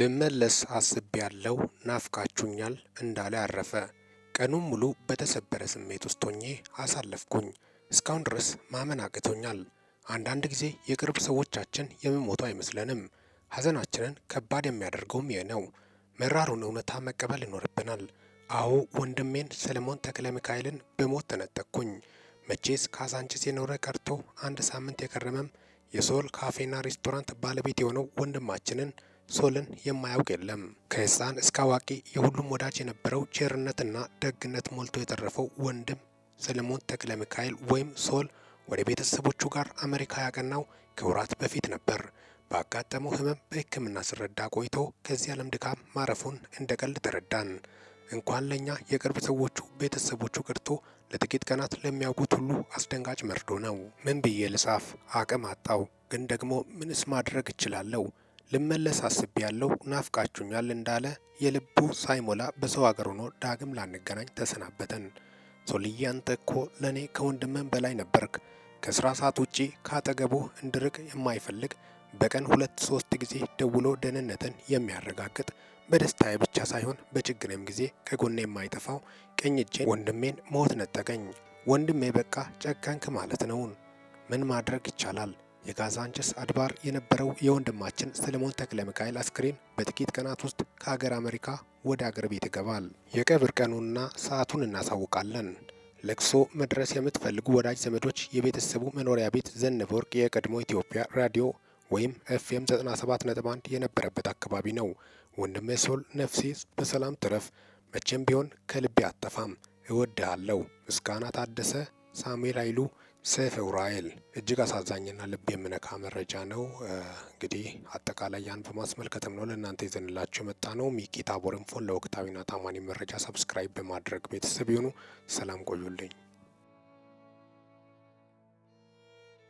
ልመለስ አስቤያለሁ፣ ናፍቃችሁኛል እንዳለ አረፈ። ቀኑን ሙሉ በተሰበረ ስሜት ውስጥ ሆኜ አሳለፍኩኝ። እስካሁን ድረስ ማመን አቅቶኛል። አንዳንድ ጊዜ የቅርብ ሰዎቻችን የሚሞቱ አይመስለንም። ሐዘናችንን ከባድ የሚያደርገውም ይህ ነው። መራሩን እውነታ መቀበል ይኖርብናል። አዎ ወንድሜን ሰለሞን ተክለ ሚካኤልን በሞት ተነጠቅኩኝ። መቼስ ካዛንቺስ የኖረ ቀርቶ አንድ ሳምንት የከረመም የሶል ካፌና ሬስቶራንት ባለቤት የሆነው ወንድማችንን ሶልን የማያውቅ የለም። ከህፃን እስከ አዋቂ የሁሉም ወዳጅ የነበረው ቸርነትና ደግነት ሞልቶ የተረፈው ወንድም ሰለሞን ተክለ ሚካኤል ወይም ሶል ወደ ቤተሰቦቹ ጋር አሜሪካ ያቀናው ከወራት በፊት ነበር። ባጋጠመው ህመም በህክምና ስረዳ ቆይቶ ከዚህ ዓለም ድካም ማረፉን እንደ ቀልድ ተረዳን። እንኳን ለእኛ የቅርብ ሰዎቹ ቤተሰቦቹ ቀርቶ ለጥቂት ቀናት ለሚያውቁት ሁሉ አስደንጋጭ መርዶ ነው። ምን ብዬ ልጻፍ? አቅም አጣው። ግን ደግሞ ምንስ ማድረግ እችላለሁ? ልመለስ አስቤ ያለው ናፍቃችሁኛል እንዳለ የልቡ ሳይሞላ በሰው አገር ሆኖ ዳግም ላንገናኝ ተሰናበተን። ሶልዬ አንተ እኮ ለእኔ ከወንድምን በላይ ነበርክ። ከስራ ሰዓት ውጪ ካጠገቡ እንድርቅ የማይፈልግ በቀን ሁለት ሶስት ጊዜ ደውሎ ደህንነትን የሚያረጋግጥ በደስታዬ ብቻ ሳይሆን በችግሬም ጊዜ ከጎኔ የማይጠፋው ቀኝ እጄን ወንድሜን ሞት ነጠቀኝ። ወንድሜ በቃ ጨከንክ ማለት ነውን? ምን ማድረግ ይቻላል? የጋዛ አድባር የነበረው የወንድማችን ሰለሞን ተክለ ሚካኤል አስክሬን በጥቂት ቀናት ውስጥ ከሀገር አሜሪካ ወደ አገር ቤት ይገባል። የቀብር ቀኑንና ሰዓቱን እናሳውቃለን። ለቅሶ መድረስ የምትፈልጉ ወዳጅ ዘመዶች የቤተሰቡ መኖሪያ ቤት ዘነበ ወርቅ የቀድሞ ኢትዮጵያ ራዲዮ ወይም ኤፍኤም 1 የነበረበት አካባቢ ነው። ወንድሜ ሶል ነፍሴ በሰላም ትረፍ፣ መቼም ቢሆን ከልቤ አጠፋም፣ እወድሃለሁ። ምስጋና ታደሰ፣ ሳሙኤል ኃይሉ ሰይፈ ዑራኤል እጅግ አሳዛኝና ልብ የሚነካ መረጃ ነው። እንግዲህ አጠቃላይ ያን በማስመልከትም ነው ለእናንተ ይዘንላቸው የመጣ ነው። ሚኪ ታቦር ኢንፎን ለወቅታዊና ታማኒ መረጃ ሰብስክራይብ በማድረግ ቤተሰብ ይሁኑ። ሰላም ቆዩልኝ።